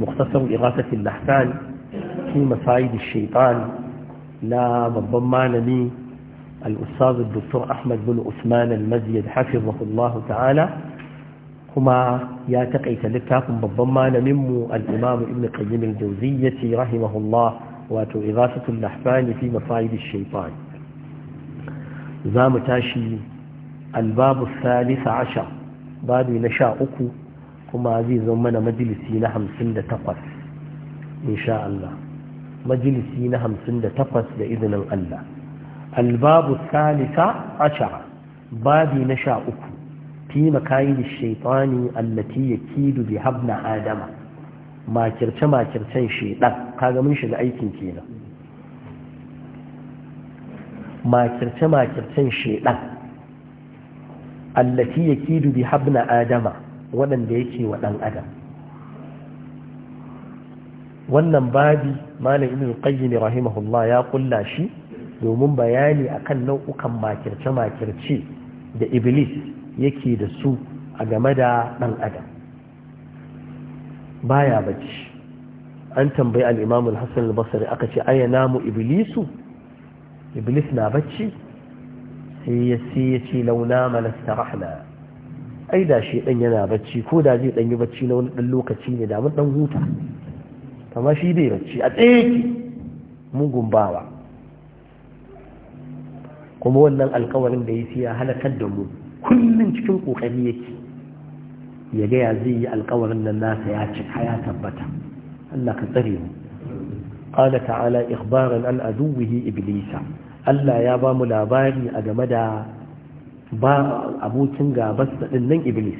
مختصر إغاثة اللحفان في مصايد الشيطان لا لي الأستاذ الدكتور أحمد بن أثمان المزيد حفظه الله تعالى كما يتقيت لكاكم بالضمان منه الإمام ابن قيم الجوزية رحمه الله واتو إغاثة اللحفان في مصايد الشيطان زام تاشي الباب الثالث عشر باب نشاؤكم kuma zai zo mana majalisi na hamsin da takwas insha Allah majalisi na hamsin da takwas da izinin Allah albabu salisa ashara babi na sha uku fi makayin shaitani allati yakidu bi habna adama makirce makircen shaitan kaga mun shiga aikin kenan makirce makircen shaitan allati yakidu bi habna adama waɗanda yake wa ɗan adam wannan babi malam ibn qayyim rahimahullah ya kulla shi domin bayani akan nau'ukan makirce-makirce da iblis yake da su a game da ɗan adam baya bacci an tambayi al-imam al-hasan al-basri aka ce aya namu iblisu iblis na bacci sai ya ce launa malasta rahna ai da shi dan yana bacci ko da zai dan yi bacci na wani dan lokaci ne da mun dan huta amma shi bai bacci a tsaye mugun bawa kuma wannan alkawarin da ya siya ya halakar da mu kullum cikin kokari yake ya gaya zai yi alkawarin nan nasa ya tabbata Allah ka tsare mu qala ta'ala ikhbaran an aduwihi iblisa Allah ya bamu labari a game da ba abokin gabas da nan iblis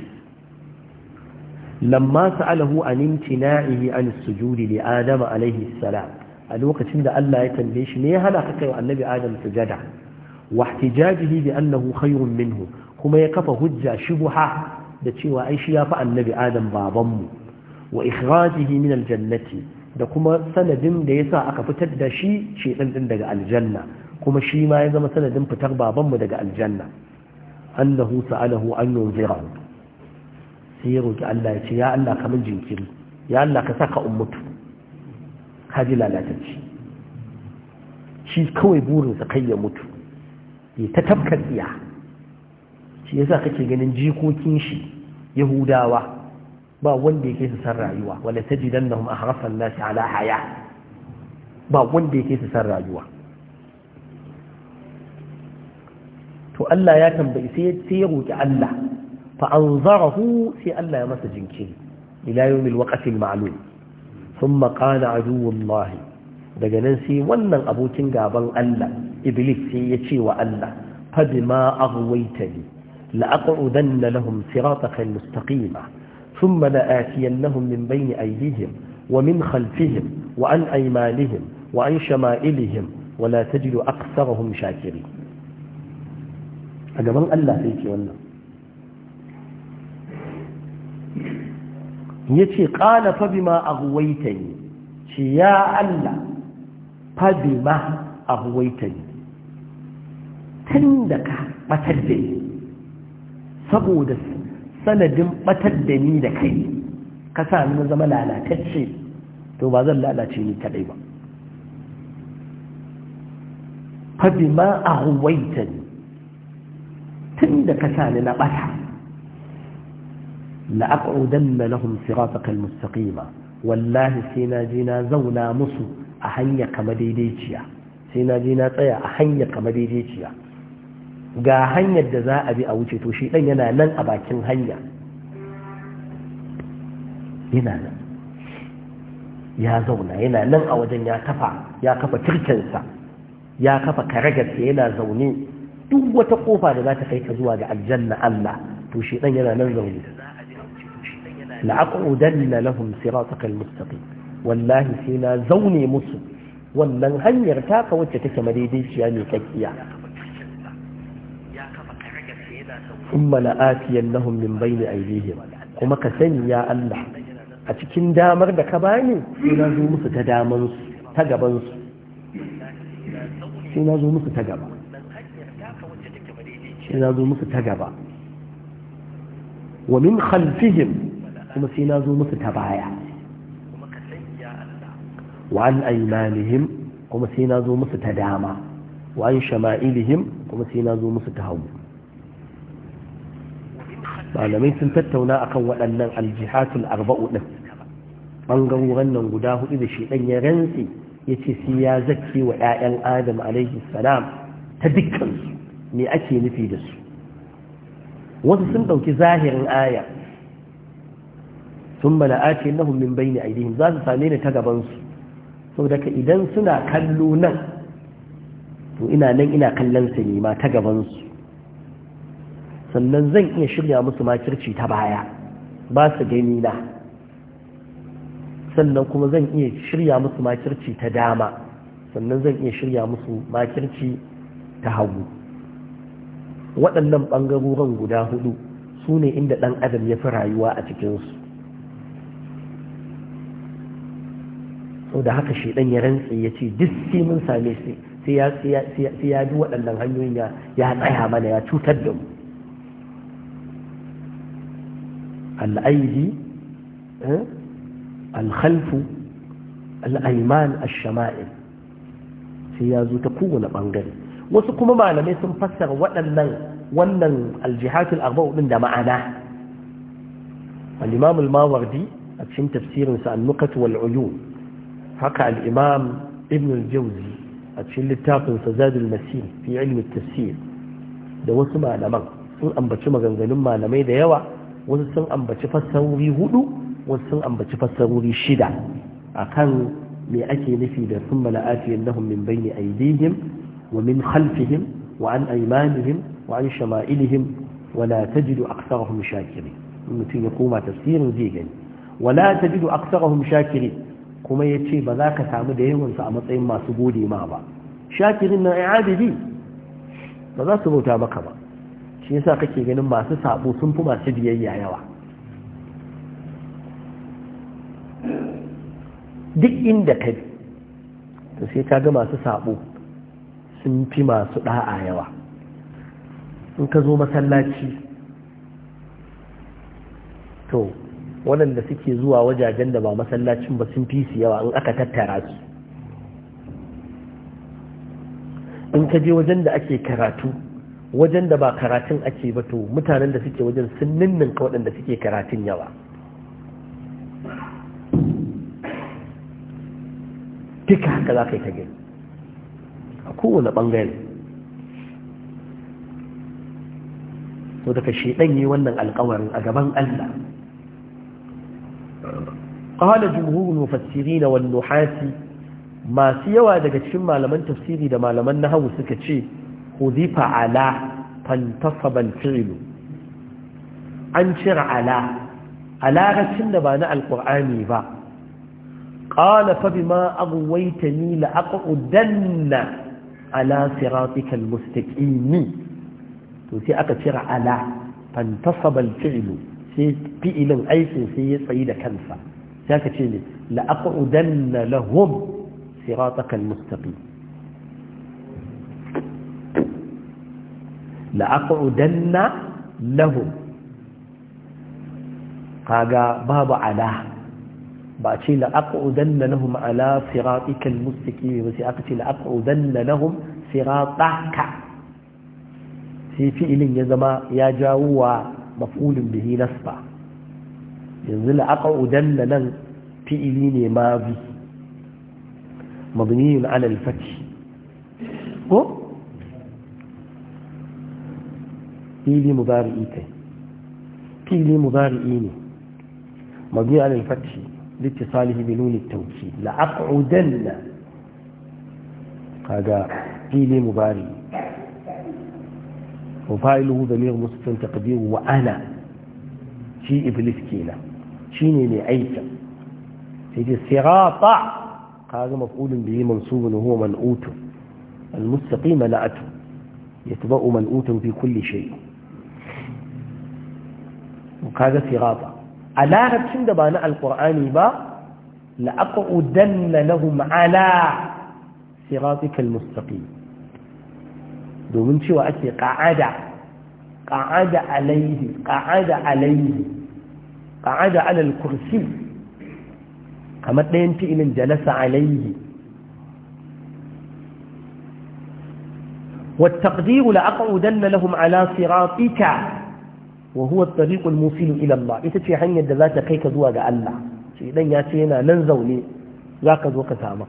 lamma sa'alahu an imtina'ihi an sujudi li adam alaihi salam a lokacin da Allah ya tambaye shi ne ya hana ka kai annabi adam sujada wa ihtijajihi bi annahu khayrun minhu kuma ya kafa hujja shubha da cewa ai shi yafi annabi adam babanmu wa ikhrajihi min aljannati da kuma sanadin da yasa aka fitar da shi shedan din daga aljanna kuma shi ma ya zama sanadin fitar babanmu daga aljanna annahu sa'alahu an yunzira sai ya roki Allah ya ce ya Allah ka min jinkiri ya Allah ka saka ummatu ka ji lalatacci shi kawai burinsa kai ya mutu ya ta tabka tsiya shi yasa kake ganin jikokin shi yahudawa ba wanda yake su san rayuwa wala tajidannahum ahrasan nasi ala haya ba wanda yake su san rayuwa to Allah ya tambayi sai ya roki Allah fa anzarahu sai Allah ya masa jinkiri ila yawmil waqtil ma'lum thumma qala aduwullahi daga nan sai wannan abokin gaban Allah iblis sai ya ce wa Allah fa bima aghwaytani la aqudanna lahum siratakal mustaqima thumma la'atiyannahum min bayni aydihim wa min khalfihim wa an aymanihim wa an shama'ilihim ولا تجد أكثرهم شاكرين a gaban Allah sai ce wannan ya ce a huwaita ne ce ya Allah ma a huwaita ne tun da ka ɓatar da ni saboda sanadin ɓatar da ni da kai ka sa ni zama lalatacce to ba zan lalace ni kaɗai ba fabima a huwaita ne tun da ka sa ni na bata la aqudanna lahum siratakal mustaqima wallahi sai na je na zauna musu a hanya kama daidaiciya sai na je na tsaya a hanya kama daidaiciya ga hanyar da za a bi a wuce to shi ɗan yana nan a bakin hanya yana nan ya zauna yana nan a wajen ya kafa ya kafa turkensa ya kafa karagarsa yana zaune duk wata kofa da za ta kai ka zuwa ga aljanna Allah to shi dan yana nan zaune la'aqudanna lahum sirataka almustaqim wallahi sai na zaune musu wannan hanyar taka wacce take madaidaiciya ne kakkiya ثم لآتينهم من بين أيديهم kuma ka sani ya Allah a cikin damar da ka bani sai na zo musu ta ta gabansu sai na zo musu ta gaba sai na zo musu ta gaba wa min khalfihim kuma sai na zo musu ta baya wa an aimanihim kuma sai na zo musu ta dama wa an shama'ilihim kuma sai na zo musu ta hagu malamai sun tattauna akan waɗannan aljihatul arba'u ɗin nan guda huɗu da shi ɗan ya rantse ya ce sai ya wa 'ya'yan adam alaihi salam ta me ake nufi da su wasu sun ɗauki zahirin aya sun mana ake nahun min bai ne aidihim za su same ni ta gabansu sau daga idan suna kallo nan to ina nan ina kallon su ne ma ta gabansu sannan zan iya shirya musu makirci ta baya ba su gani na sannan kuma zan iya shirya musu makirci ta dama sannan zan iya shirya musu makirci ta hagu waɗannan ɓangarorin guda hudu su ne inda ɗan adam ya fi rayuwa a cikinsu sau da haka shaidan ya rantse ya ce diski mun same su sai ya bi waɗannan hanyoyin ya tsaya mana ya cutar da mu al'aidi eh, alkhalfu al'aiman al-shama'il sai ya zo ta kowane ɓangare wasu kuma malamai sun fassara waɗannan wannan aljihatul arba'u din da ma'ana al-imam al-mawardi a cikin tafsirin sa an-nuqat wal uyun haka al-imam ibn al-jawzi a cikin littafin sa zadul masir fi ilm at-tafsir da wasu malaman sun ambaci maganganun malamai da yawa wasu sun ambaci fassarori hudu wasu sun ambaci fassarori shida akan me ake nufi da sun mala'ati yannahum min bayni aydihim ومن خلفهم وعن أيمانهم وعن شمائلهم ولا تجد أكثرهم شاكرين mutum ya koma tafsirin zai gani wala tajidu aktsarahum shakirin kuma yace ba za ka samu da yawansa a matsayin masu gode ma ba shakirin na ibadi ba za su bauta maka ba shi yasa kake ganin masu sabo sun fi masu biyayya yawa duk inda ka bi sai ka ga masu sabo sun fi masu ɗa'a yawa in ka zo masallaci to waɗanda suke zuwa wajajen da ba masallacin ba sun fi su yawa in aka tattara su in ka je wajen da ake karatu wajen da ba karatun ake ba to mutanen da suke wajen sun ninninka waɗanda suke karatun yawa duka haka za ka yi ta gani kowane bangare to daga shedan yi wannan alƙawarin a gaban Allah qala jumhurul na wal nuhasi masu yawa daga cikin malaman tafsiri da malaman nahwu suka ce hudifa ala fantasaba al an cira ala alagacin da ba na alkur'ani ba ƙala fa bima ni la udanna. ala siratikal mustaqimi to sai aka cira ala fantasaba al-fi'lu sai fi'ilin aikin sai ya tsayi da kansa sai aka ce ne la aqudanna lahum siratakal mustaqim la aqudanna lahum kaga babu ala ba ce la'aqudanna lahum ala siratikal mustaqim ba sai aka ce la'aqudanna lahum sirataka sai fi'ilin ya zama ya jawo wa maf'ulun bihi nasba yanzu na nan fi'ili ne ma mabi mabniyun ala al-fath ko fi'ili mudari'i kai fi'ili mudari'i ne mabni ala al-fath لاتصاله بنون التوكيد لأقعدن هذا قيل مباري وفائله ضمير مصف تقدير وأنا في إبليس كينا شيني لعيسى سيدي الصراط هذا مفعول به منصوب وهو من أوت المستقيم لأته يتبأ أوت في كل شيء وكذا صراط a larabcin da ba na alƙur'ani ba la'aƙa'udanna lahum ala siratikal mustaqim domin cewa ake ƙa'ada ƙa'ada alaihi ƙa'ada alaihi ƙa'ada alal kursi kamar ɗayan fi'ilin jalasa alaihi والتقدير لأقعدن لهم على صراطك wa huwa tariqul mufil ita ce hanyar da za ta kai ka zuwa ga Allah shi dan ya ce yana nan zaune za ka zo ka sama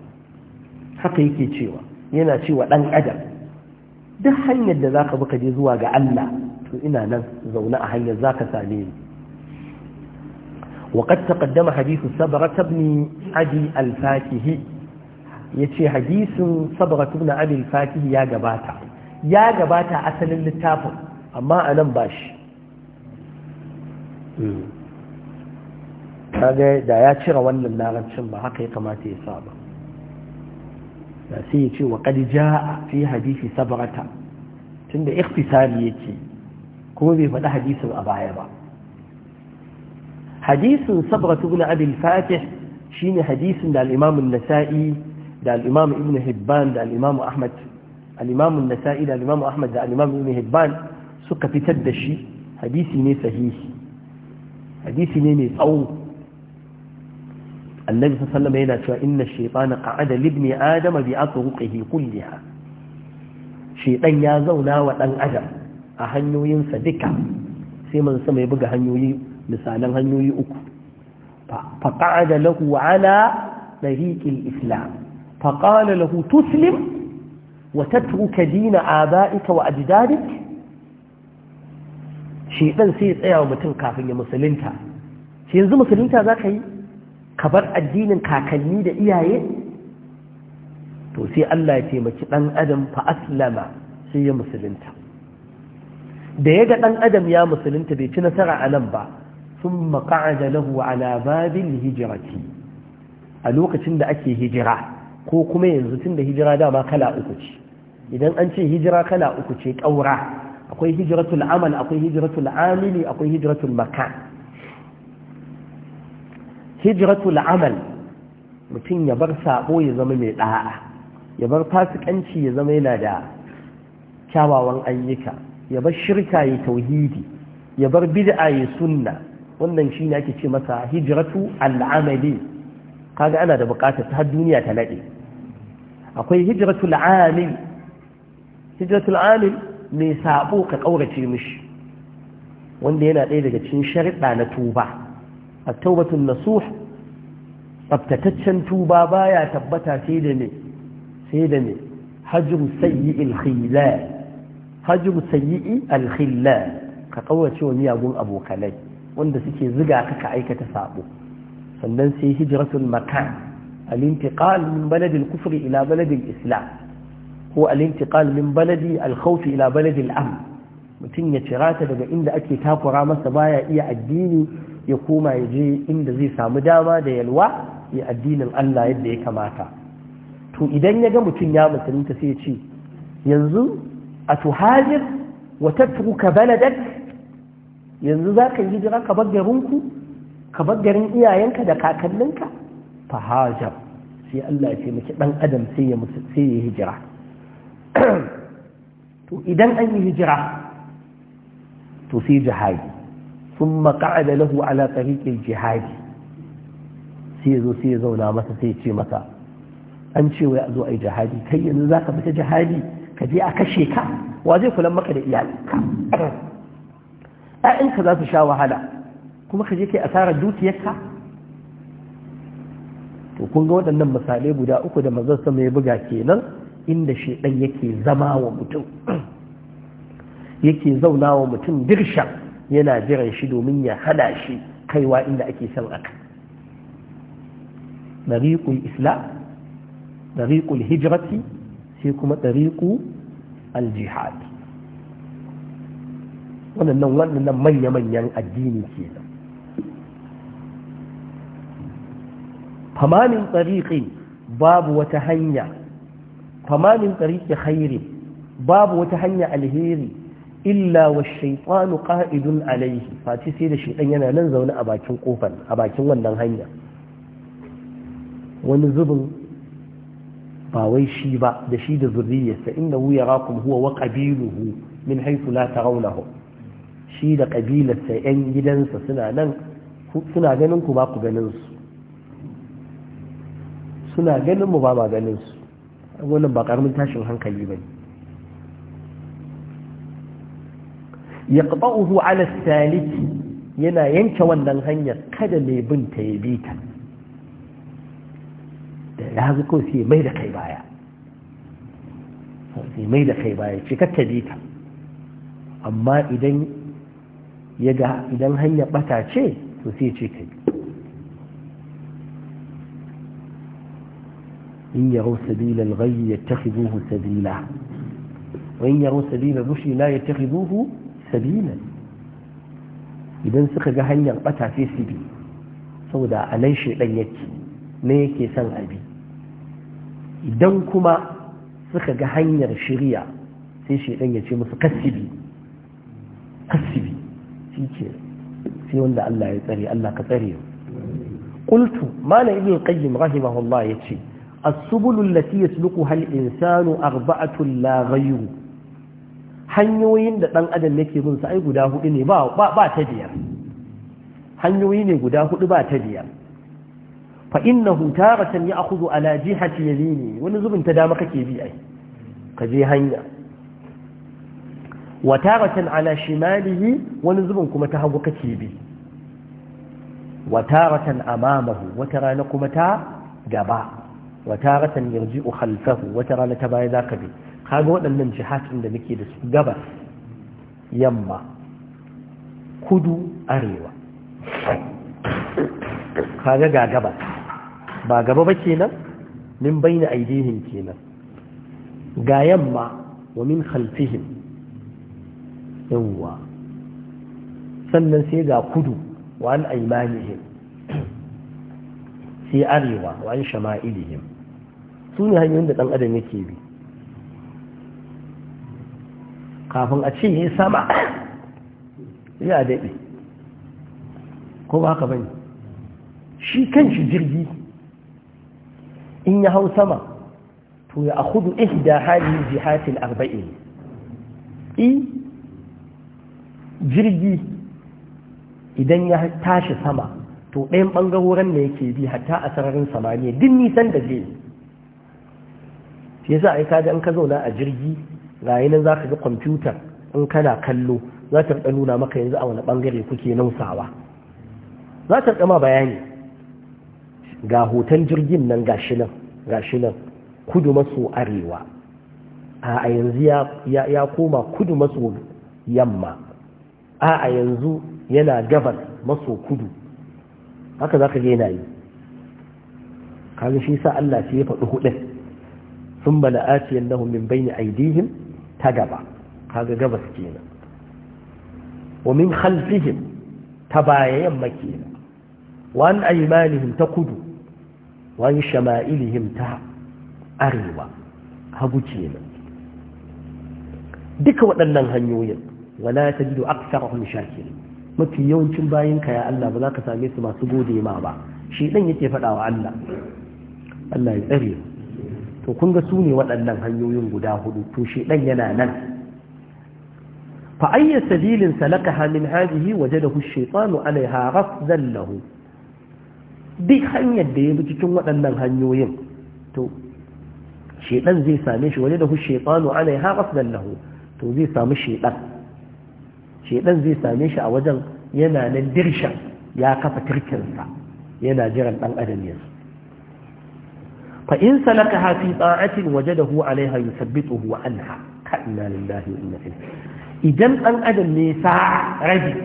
haka yake cewa yana cewa dan adam duk hanyar da za ka bi ka je zuwa ga Allah to ina nan zaune a hanyar za ka same ni wa qad taqaddama hadithu sabra tabni adi al-fatih yace hadisin sabra tabni adi al ya gabata ya gabata asalin littafin amma anan bashi kaga da ya cire wannan larabcin ba haka ya kamata ya sa ba da sai ya ce wa qad jaa fi hadisi sabrata tunda ikhtisari yake kuma bai faɗi hadisin a baya ba hadisin sabrata ibn abi al-fatih shine hadisin da al-imam an-nasa'i da al ibn hibban da al ahmad al-imam an-nasa'i da al ahmad da al ibn hibban suka fitar da shi hadisi ne sahihi hadisi ne mai tsawo annabi Sallama yana cewa inna shaytana qa'ada li adama bi atruqihi kulliha shaytan ya zauna wa dan adam a hanyoyin duka sai man sama ya buga hanyoyi misalan hanyoyi uku fa qa'ada lahu ala طريق الإسلام فقال له تسلم وتترك دين آبائك وأجدادك shedan sai ya tsaya wa mutum kafin ya musulunta shi yanzu musulunta za ka yi ka bar addinin kakanni da iyaye to sai Allah ya taimaki ɗan adam fa aslama sai ya musulunta da ya ga ɗan adam ya musulunta bai ci nasara a nan ba sun maka'ada lahu ala babin hijirati a lokacin da ake hijira ko kuma yanzu tun da hijira dama kala uku ce idan an ce hijira kala uku ce ƙaura akwai hijratul amal akwai hijratul amili akwai hijratul maka hijratul amal mutum ya bar sabo ya zama mai da'a ya bar fasikanci ya zama yana da kyawawan ayyuka ya bar shirka ya tauhidi ya bar bid'a ya sunna wannan shine ake ce masa hijratu al'amali kaga ana da bukatar ta duniya ta naɗe akwai hijratul amil hijratul amil mai sabo ka ƙaurace mishi wanda yana ɗaya daga cikin shariɗa na tuba a taubatun nasuh tsabtataccen tuba baya tabbata sai da ne sai da ne hajru sayyi alkhila hajru sayyi alkhila ka ƙaurace wa miyagun abokanai wanda suke ziga ka ka aikata sabo sannan sai hijratul makan al-intiqal min baladil kufri ila baladil islam ko al-intiqal min baladi al ila baladi al mutum ya cirata daga inda ake takura masa baya iya addini ya koma ya je inda zai samu dama da yalwa ya addinin Allah yadda ya kamata to idan ya ga mutum ya musulunta sai ya ce yanzu a tuhajir wa tatruka baladak yanzu za ka hijira ka bar garinku ka bar garin iyayenka da kakanninka fahajar sai Allah ya ce miki dan adam sai ya hijira to idan an yi hijira to sai jihadi sun maka'ada lahu ala tariƙin jihadi sai zo sai zauna masa sai ce masa an ce wai a zo a yi jihadi kai yanzu za ka fita jihadi ka je a kashe ka wa zai kulan maka da iyalinka ka za su sha wahala kuma ka je kai asarar dukiyarka to kun ga waɗannan misalai guda uku da mazan sama ya buga kenan inda shaidan yake zama wa mutum yake zauna wa mutum dirshan yana jiran shi domin ya hada shi kaiwa inda ake son aka dariqul islam dariqul hijrati sai kuma ɗariƙu al-jihad manya-manyan addini kenan famanin tsariƙi babu wata hanya fama min tsariki khairi babu wata hanya alheri illa wa shaitanu qa'idun alaihi fati sai da shaitan yana nan zaune a bakin kofar a bakin wannan hanya wani zubin ba wai shi ba da shi da zurriyarsa innahu yarakum huwa wa qabiluhu min haythu la raunahu. shi da kabilarsa 'yan gidansa suna nan suna ganin ku ba ku ganin su suna ganin mu ba ma ganin su wannan ba karamin tashin hankali ba ne uhu 'ala saliki yana yanke wannan hanyar kada mai bin ta ya bi ta da ya ga ko sai mai da kai baya sai mai da kai baya ce kakka bi ta amma idan ya ga idan hanyar bata ce to sai ce ka إن يروا سبيل الغي يتخذوه سبيلا وإن يروا سبيل الرشد لا يتخذوه سبيلا idan suka ga hanyar bata sai su bi saboda a nan shaidan yake ne yake son abi idan kuma suka ga hanyar shirya sai shaidan ya ce musu kasibi kasibi shi ke sai wanda Allah ya tsare Allah ka malam ibn qayyim ya ce. السبل التي يسلكها الإنسان أربعة لا غير hanyoyin da ɗan adam yake bin sa ai guda hudu ne ba ba ta biyar hanyoyi ne guda hudu ba ta biyar fa innahu taratan ya'khudhu ala jihati yamini wani zubin ta dama kake bi ai ka je hanya wa taratan ala shimalihi wani zubin kuma ta hagu kake bi wa taratan amamahu wata rana kuma ta gaba ratan yarji yarji'u khalfahu wata rana ta baya zaka bi kaga waɗannan jihad da muke da su gabas yamma kudu arewa kaga ga gabas ba gaba ba kenan min bayna aidihim kenan ga yamma wa min khalfihim yawwa sannan sai ga kudu wa an aymanihim sai arewa wa an shama'ilihim su ne hanyoyin da ɗan adam yake bi kafin a ce yi sama ya daɗe ko ba ka bane shi kan shi jirgi in ya hau sama to ya akudu da hali jihatil arba'in i jirgi idan ya tashi sama to ɗayan ɓangaroren da yake bi hatta a sararin samaniya duk nisan da zai shi yasa ai kaji in ka zauna a jirgi ga nan za ka ga kwamfutar in kana kallo za ta rika nuna maka yanzu a wani ɓangare kuke nausawa za ta rika ma bayani ga hoton jirgin nan ga shi nan kudu maso arewa a yanzu ya koma kudu maso yamma a yanzu yana gabar maso kudu haka za ka je yi kaga shi sa Allah sai ya faɗi hudun sun bala aciyan nahu min bayni aidihim ta gaba kaga gabas kenan wa min khalfihim ta baya yamma kenan wa an aymanihim ta kudu wa an shama'ilihim ta arewa hagu kenan duka waɗannan hanyoyin wala tajidu aktsarahum shakirin mafi yawancin bayan ka ya Allah ba za ka same su masu gode ma ba shi dan yake faɗa wa Allah Allah ya tsare to kun ga su ne waɗannan hanyoyin guda hudu to shi dan yana nan fa ayya sabilin salakaha min hadhihi wajadahu ash-shaytanu alaiha ghafzan lahu duk hanyar da ya bi cikin waɗannan hanyoyin to shedan zai same shi wajadahu ash-shaytanu alaiha ghafzan lahu to zai samu shedan shedan zai same shi a wajen yana nan dirshan ya kafa turkinsa yana jiran ɗan adam yanzu fa in salakaha fi ta'atin wajadahu alaiha yusabbituhu anha kana lillahi wa inna ilaihi idan ɗan adam ne sa rabi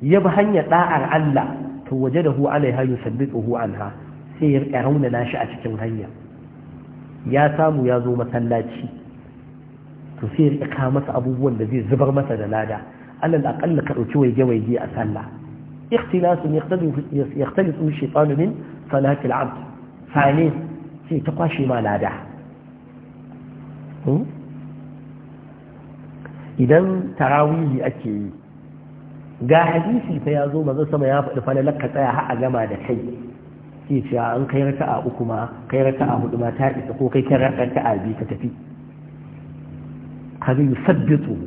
ya bi hanya ɗa'ar Allah to wajadahu alaiha yusabbituhu anha sai ya rauna nashi a cikin hanya ya samu ya zo masallaci to sai ya masa abubuwan da zai zubar masa da lada alal aqalla ka dauki waige waige a sallah ikhtilasu yakhtalisu shaytanu min salati al-abd fani sai ta kwashe ma lada hmm? idan tarawihi ake yi ga hadisi fa ya zo maza sama ya faɗi falalar ka tsaya har a gama da kai sai ce an kai raka'a uku ma kai raka'a hudu ma ta isa ko kai kai raka'a biyu ka tafi kaga yusabbitu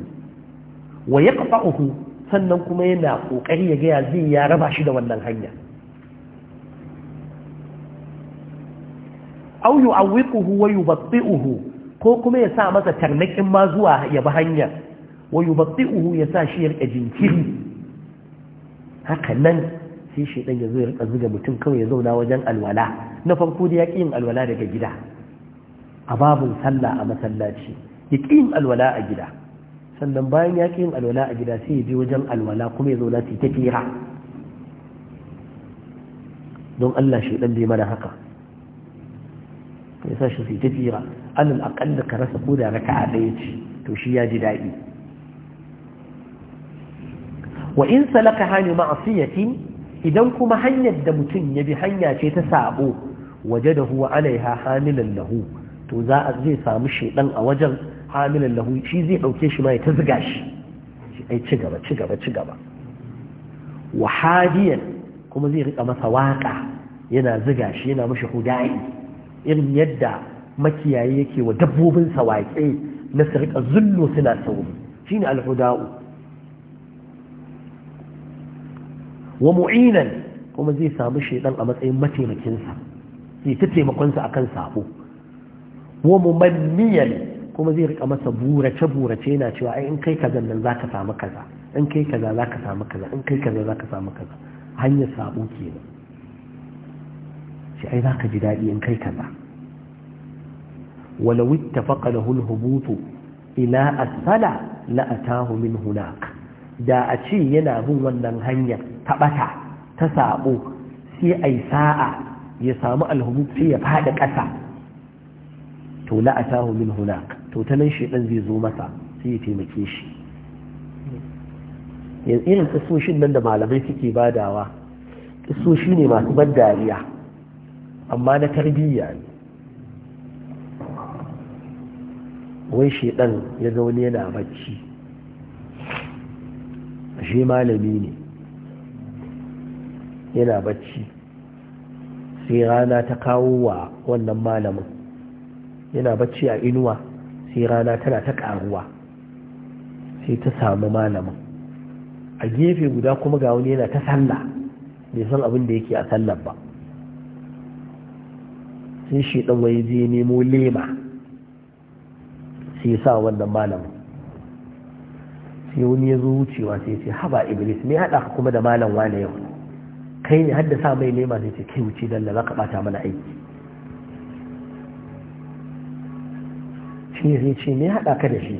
wa ya kafa uku sannan kuma yana ƙoƙari ya gaya zai ya raba shi da wannan hanya au yu awwiquhu wa uhu ko kuma ya sa masa tarnakin ma zuwa ya bi hanya wa uhu ya sa shi ya rika jinkiri haka nan sai shi ya zo ya rika zuga mutum kawai ya zauna wajen alwala na farko da ya yin alwala daga gida a babun sallah a masallaci ya yin alwala a gida sannan bayan ya yin alwala a gida sai ya je wajen alwala kuma ya zo su ta fira don Allah shi bai mana haka ya sa shi su ta fira alal aqalla ka rasa ko da a ɗaya ce to shi ya ji daɗi wa in salaka hani ma'asiyatin idan kuma hanyar da mutum ya bi hanya ce ta sabo wajadahu wa alaiha hamilan lahu to za a zai samu shedan a wajen amilan lahu shi zai ɗauke shi ma ya ta ziga shi ai ci gaba ci gaba ci gaba wahadiyan kuma zai rika masa waka yana ziga shi yana mashi hudai irin yadda makiyayi yake wa dabbobin sawaƙe na su rika zullo suna sauri shine alhuda'u wa mu'inan kuma zai samu shaidan a matsayin mataimakinsa sai ta taimakonsa akan sabo wa mumanniyan kuma zai rika masa burace burace yana cewa ai in kai kaza nan ka samu kaza in kai kaza za ka samu kaza in kai kaza za ka samu kaza hanyar sabo nan, shi ai za ka ji daɗi in kai kaza ولو اتفق له الهبوط asala أسفل لأتاه min هناك da a ce yana bin wannan hanyar taɓata ta sabo sai ai sa'a ya samu alhubu sai ya faɗi ƙasa to la'atahu min hunak to ta nan zai zo masa sai ya taimake shi yanzu irin kisoshin nan da malamai suke badawa kisoshi ne masu ban dariya amma na tarbiyya ne wai shaidan ya zaune yana bacci shi malami ne yana bacci sai rana ta kawo wa wannan malamin yana bacci a inuwa sai rana tana ta karuwa sai ta samu malamin a gefe guda kuma ga wani yana ta sallah bai san abin da yake a sallar ba sai shi ɗan wai zai nemo lema sai sa wannan malamin sai wani ya zo wucewa sai ce haba iblis me haɗa kuma da malam wane yau kai ne sa mai lema sai ce kai wuce dalla za ka ɓata mana aiki sai zai ce me haɗa ka da shi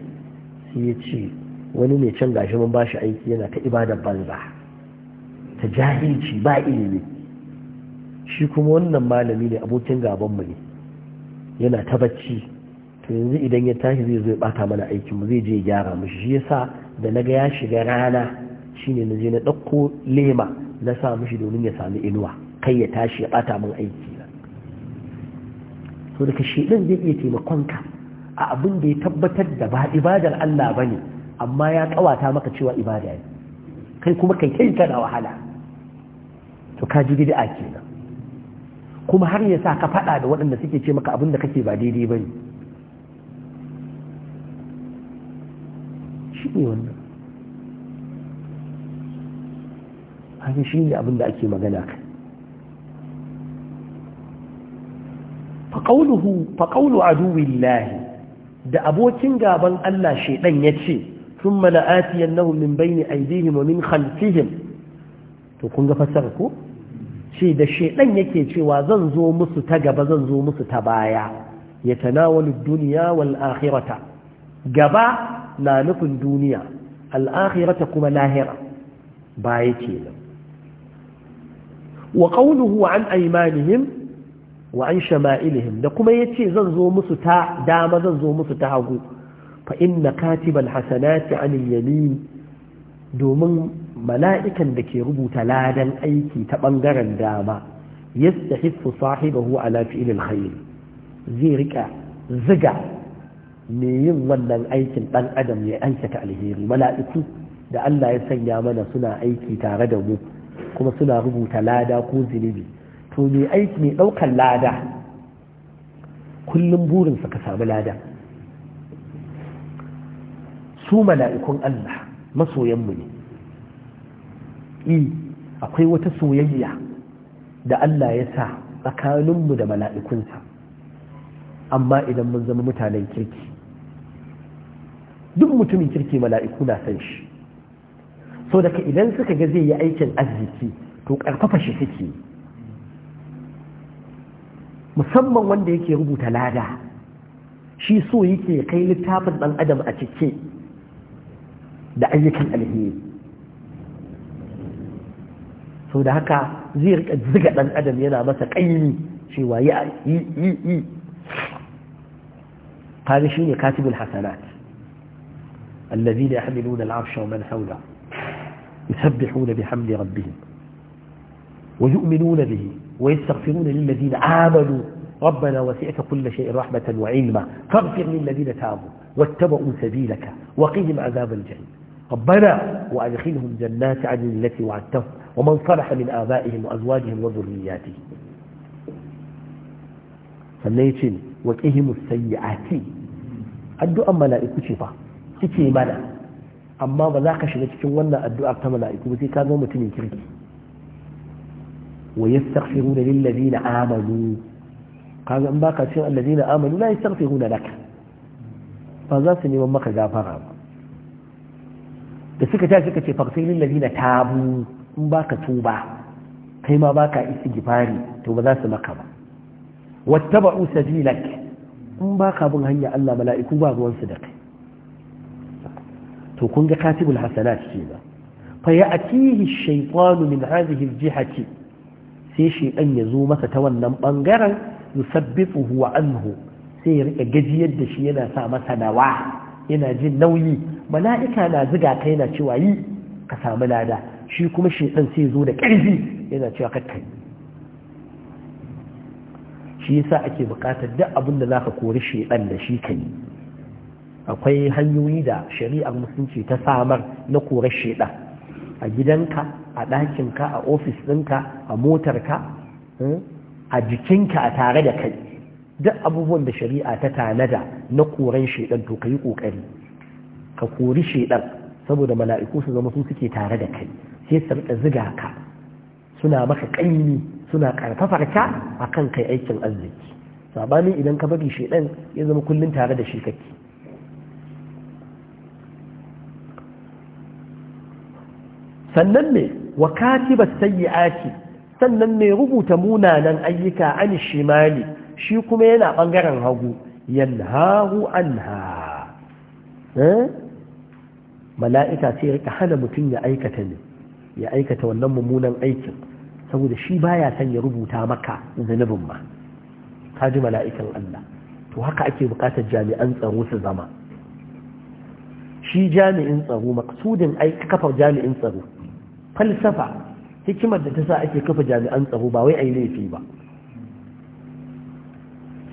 sai ya ce wani mai can gashi mun bashi aiki yana ta ibadar banza ta jahilci ba ilimi shi kuma wannan malami ne abokin gaban mu ne yana ta bacci to yanzu idan ya tashi zai zo ya bata mana mu zai je ya gyara mu shi yasa da naga ya shiga rana shine na je na dauko lema na sa mishi domin ya sami inuwa kai ya tashi ya bata min aiki to daga shi zai iya taimakon ka a abin da ya tabbatar da ba ibadar Allah ba ne amma ya kawata maka cewa ibada ne kai kuma kai kai da wahala to ka ji bid'a kenan kuma har ya sa ka faɗa da waɗanda suke ce maka abin da kake ba daidai ba ne shi ne wannan haka shi ne abin da ake magana kai faƙauluhu faƙaulu aduwillahi da abokin gaban Allah shaidan ya ce sun mala'ati yannahu min bayni aidihim wa min khalfihim to kun ga fasar ko ce da shaidan yake cewa zan zo musu ta gaba zan zo musu ta baya ya tanawalu duniya wal akhirata gaba na nufin duniya al akhirata kuma lahira baya kenan wa qawluhu an aymanihim wa an shama'ilihim da kuma ce zan zo musu ta dama zan zo musu ta hagu fa inna katibal hasanati an yamin domin mala'ikan da ke rubuta ladan aiki ta bangaren dama yastahifu sahibahu ala fi'lil khair zai rika ziga me yin wannan aikin dan adam ya aikata alheri mala'iku da Allah ya sanya mana suna aiki tare da mu kuma suna rubuta lada ko zunubi to mai aiki mai ɗaukar lada kullum burinsa ka samu lada su mala'ikun Allah masoyanmu ne akwai wata soyayya da Allah ya sa tsakaninmu da mala'ikunsa amma idan mun zama mutanen kirki duk mutumin kirki mala'iku na san shi so daga idan suka ga zai yi aikin arziki to ƙarfafa shi suke musamman wanda yake rubuta lada shi so yake kai littafin ɗan adam a cike da ayyukan alheri sau da haka zai rika ziga ɗan adam yana masa ƙaimi cewa yi yi yi yi kari shi ne katibul hasanat allazi da hamilu da al'afsha wa man haula yusabbihuna bihamdi rabbihim wa yu'minuna bihi ويستغفرون للذين آمنوا ربنا وسعت كل شيء رحمة وعلما فاغفر للذين تابوا واتبعوا سبيلك وقهم عذاب الجحيم ربنا وأدخلهم جنات عدن التي وعدتهم ومن صلح من آبائهم وأزواجهم وذرياتهم فنيتين وقهم السيئات الدعاء ملائكة شفا سيكي ملا أما بذاك شنك شوانا الدعاء ملائكة وزي كانوا متنين كريكي ويستغفرون للذين آمنوا قال أن باقى الذين آمنوا لا يستغفرون لك فذا سنوى مكة جافرها تسكة تسكة فاغفر للذين تابوا أن باقى توبة كما باقى استجفاري توبة ذا سمكة واتبعوا سبيلك أن باقى بن هيا ألا ملائكوا باب وانصدق تكون كاتب الحسنات فيما فيأتيه الشيطان من هذه الجهة sai shaidan ya zo masa ta wannan bangaren yusabbituhu wa anhu sai ya rika gajiyar da shi yana sa masa nawa yana jin nauyi mala'ika na ziga ka yana cewa yi ka samu lada shi kuma shaidan sai ya zo da ƙarfi yana cewa kakkai shi yasa ake bukatar duk abin da ka kori shaidan da shi kai akwai hanyoyi da shari'ar musulunci ta samar na korar shaidan a gidanka a ɗakinka a ofis ɗinka a motarka hmm? a jikinka a tare da kai duk abubuwan da shari'a ta tanada na koren shaidan to ka yi ƙoƙari ka kori shaidan saboda mala'iku su zama su suke tare da kai sai su rika ziga ka suna maka ƙaimi suna ƙarfafar ka akan kai aikin arziki sabanin idan ka bari shaidan ya zama kullum tare da shi kake sannan ne wa katiba sayyi'ati sannan mai rubuta munanan ayyuka an shimali shi kuma yana bangaren hagu yanhahu anha eh? mala'ika sai rika hana mutum ya aikata ne ya aikata wannan mummunan aikin saboda shi baya san ya rubuta maka zunubin ma kaji mala'ikan Allah to haka ake bukatar jami'an tsaro su zama shi jami'in tsaro maksudin ai kafar jami'in tsaro falsafa hikimar da ta sa ake kafa jami'an tsaro ba wai a yi laifi ba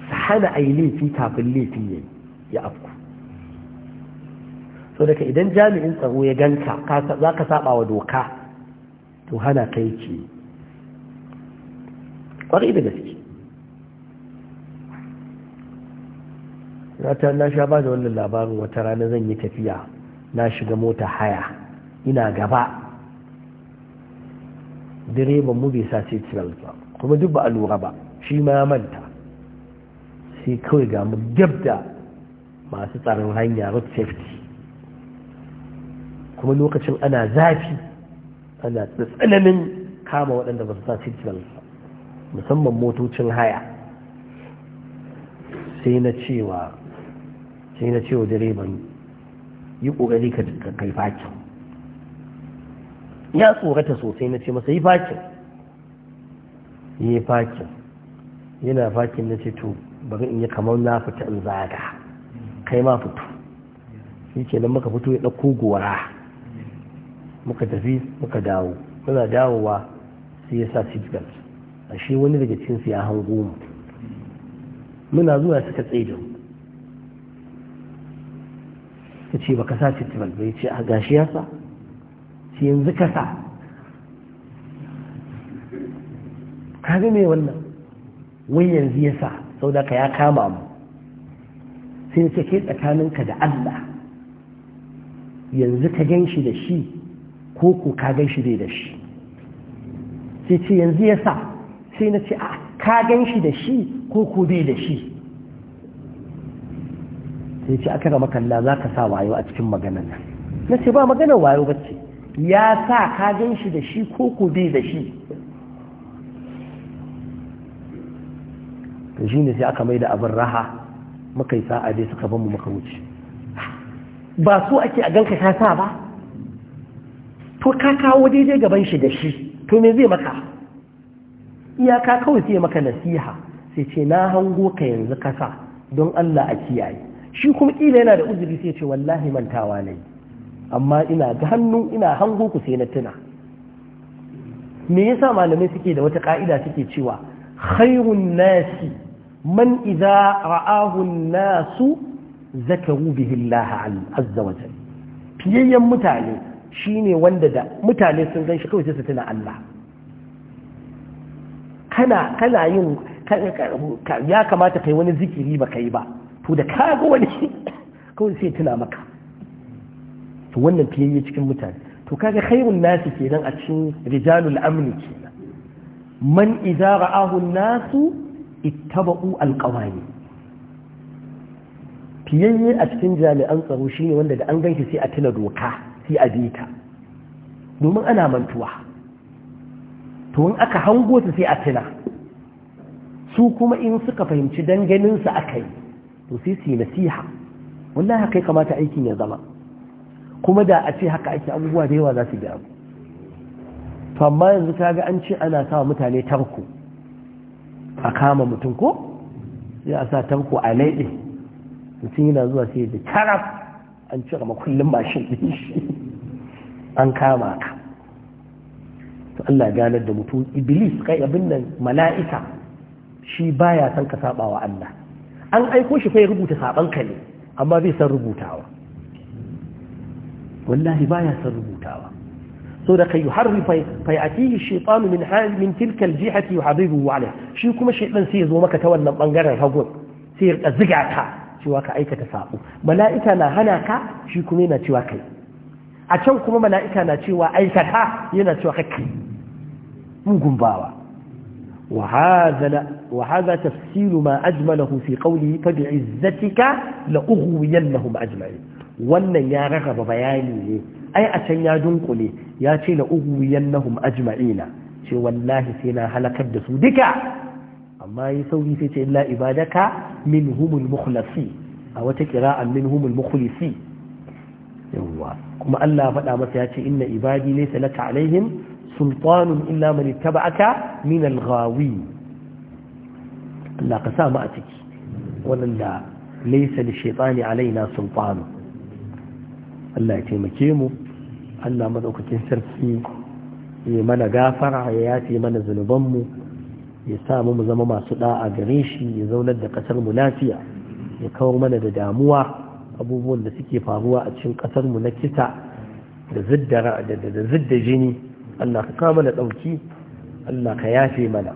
su hana a yi laifi kafin laifi ne ya afku so daga idan jami'in tsaro ya ganka za ka saba wa doka to hana kai ce kwarai da gaske na sha ba da wannan labarin wata rana zan yi tafiya na shiga mota haya ina gaba direban mu bai sa seatbelt ba kuma duk ba a lura ba shi ma ya manta sai kawai ga mu gab da masu tsaron hanya road safety kuma lokacin ana zafi ana tsananin kama waɗanda ba su sa seatbelt ba musamman motocin haya sai na cewa sai na cewa direban yi ƙoƙari ka kai fakin ya tsorata sosai na ce masa yi fakin yi fakin yana fakin na ce to bari in yi kamar na fita in zaga kai ma fito shi ke nan muka fito ya ɗauko gora muka tafi muka dawo muna dawowa sai ya sa seatbelt a shi wani daga cikinsu ya hango mu muna zuwa suka tsaye da mu ta ce baka sa seatbelt bai ce a gashi ya ce yanzu kasa ka ga mai wannan wai yanzu ya sa sau da ka ya kama mu sai ce ke tsakaninka da Allah yanzu ka gan shi da shi ko ko ka gan shi dai da shi sai ce yanzu ya sa sai na ce a ka gan shi da shi ko ko dai da shi sai ce aka ga makalla za ka sa wayo a cikin maganar nan na ce ba maganar wayo ba ce ya sa ka gan shi da shi ko ku da shi to shi ne sai aka mai da abin raha muka yi sa'a dai suka banmu muka wuce ba su ake a ganka ka sa ba to ka kawo daidai gaban shi da shi to me zai maka iyaka kawai sai maka nasiha sai ce na hango ka yanzu kasa don Allah a kiyaye shi kuma kila yana da uzuri sai ce wallahi mantawa ne amma ina ga hannu ina hango ku sai na tuna me yasa malamai suke da wata ka'ida suke cewa khairun nasi man idza ra'ahu nasu zakaru bihi Allah azza wa jalla fiyayyen mutane shine wanda da mutane sun ganshi kawai sai su tuna Allah kana kana yin ya kamata kai wani zikiri ba kai ba to da kaga wani kawai sai tuna maka to wannan fiyayye cikin mutane to kaga khairun nasi kenan a cikin rijalul amni kenan man idza ra'ahu nasu ittaba'u alqawani fiyayye a cikin jami'an tsaro shine wanda da an ganshi sai a tuna doka sai a bita. domin ana mantuwa to in aka hango su sai a tuna su kuma in suka fahimci danganinsu aka yi to sai su yi nasiha wallahi kai kamata aikin ya zama kuma da a ce haka ake abubuwa da yawa za su gyaru to amma yanzu kaga an ce ana sa mutane tarko a kama mutum ko sai a sa tarko a laiɗe mutum yana zuwa sai da taraf an cire makullin mashin ɗin shi an kama ka to Allah ganar da mutum iblis kai abin nan mala'ika shi baya san ka saba wa Allah an aiko shi kai rubuta saban ka ne amma zai san rubutawa wallahi baya san rubutawa so da kai yuharri fai atihi shaytanu min hal min tilka aljihati yuhadibuhu alayh shi kuma shaytan sai ya zo maka ta wannan bangaren hagun sai ya ziga ka cewa ka aikata sabo mala'ika na hana ka shi kuma yana cewa kai a can kuma mala'ika na cewa aikata yana cewa kai mugun bawa وهذا تفسير ما أجمله في قوله فبعزتك لأغوينهم أجمعين wannan ya rarraba bayani ne ai a can ya dunkule ya ce la ughwiyannahum ajma'ina ce wallahi sai na halakar da su duka amma yi sauri sai ce illa ibadaka minhumul mukhlasi a wata qira'an minhumul mukhlisi yawa kuma Allah faɗa masa ya ce inna ibadi laysa laka alaihim sultanun illa man ittaba'aka min al-ghawi Allah ka sa mu a ciki wannan da laysa li shaytani alaina sultanun Allah ya taimake mu Allah madaukakin sarki ya mana gafara ya yafe mana zunubanmu ya sa mu mu zama masu da'a gare shi ya zaunar da ƙasarmu mu lafiya ya kawo mana da damuwa abubuwan da suke faruwa a cikin ƙasarmu mu na kisa da zidda da zidda jini Allah ka kawo mana ɗauki. Allah ka yafe mana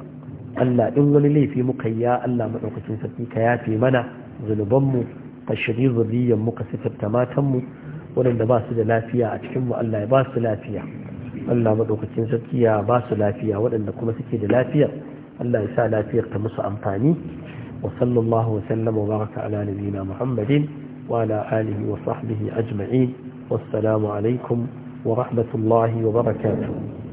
Allah in wani laifi muka ya Allah madaukakin sarki ka yafe mana zunubanmu ka shiri zuriyar mu ka sitarta matanmu waɗanda ba su da lafiya a cikin mu Allah ya ba su lafiya Allah maɗaukacin sarki ya ba su lafiya waɗanda kuma suke da lafiyar Allah ya sa lafiyar ta musu amfani wa sallallahu wa sallama wa baraka ala nabiyyina Muhammadin wa ala alihi wa sahbihi ajma'in wassalamu alaikum wa rahmatullahi wa barakatuh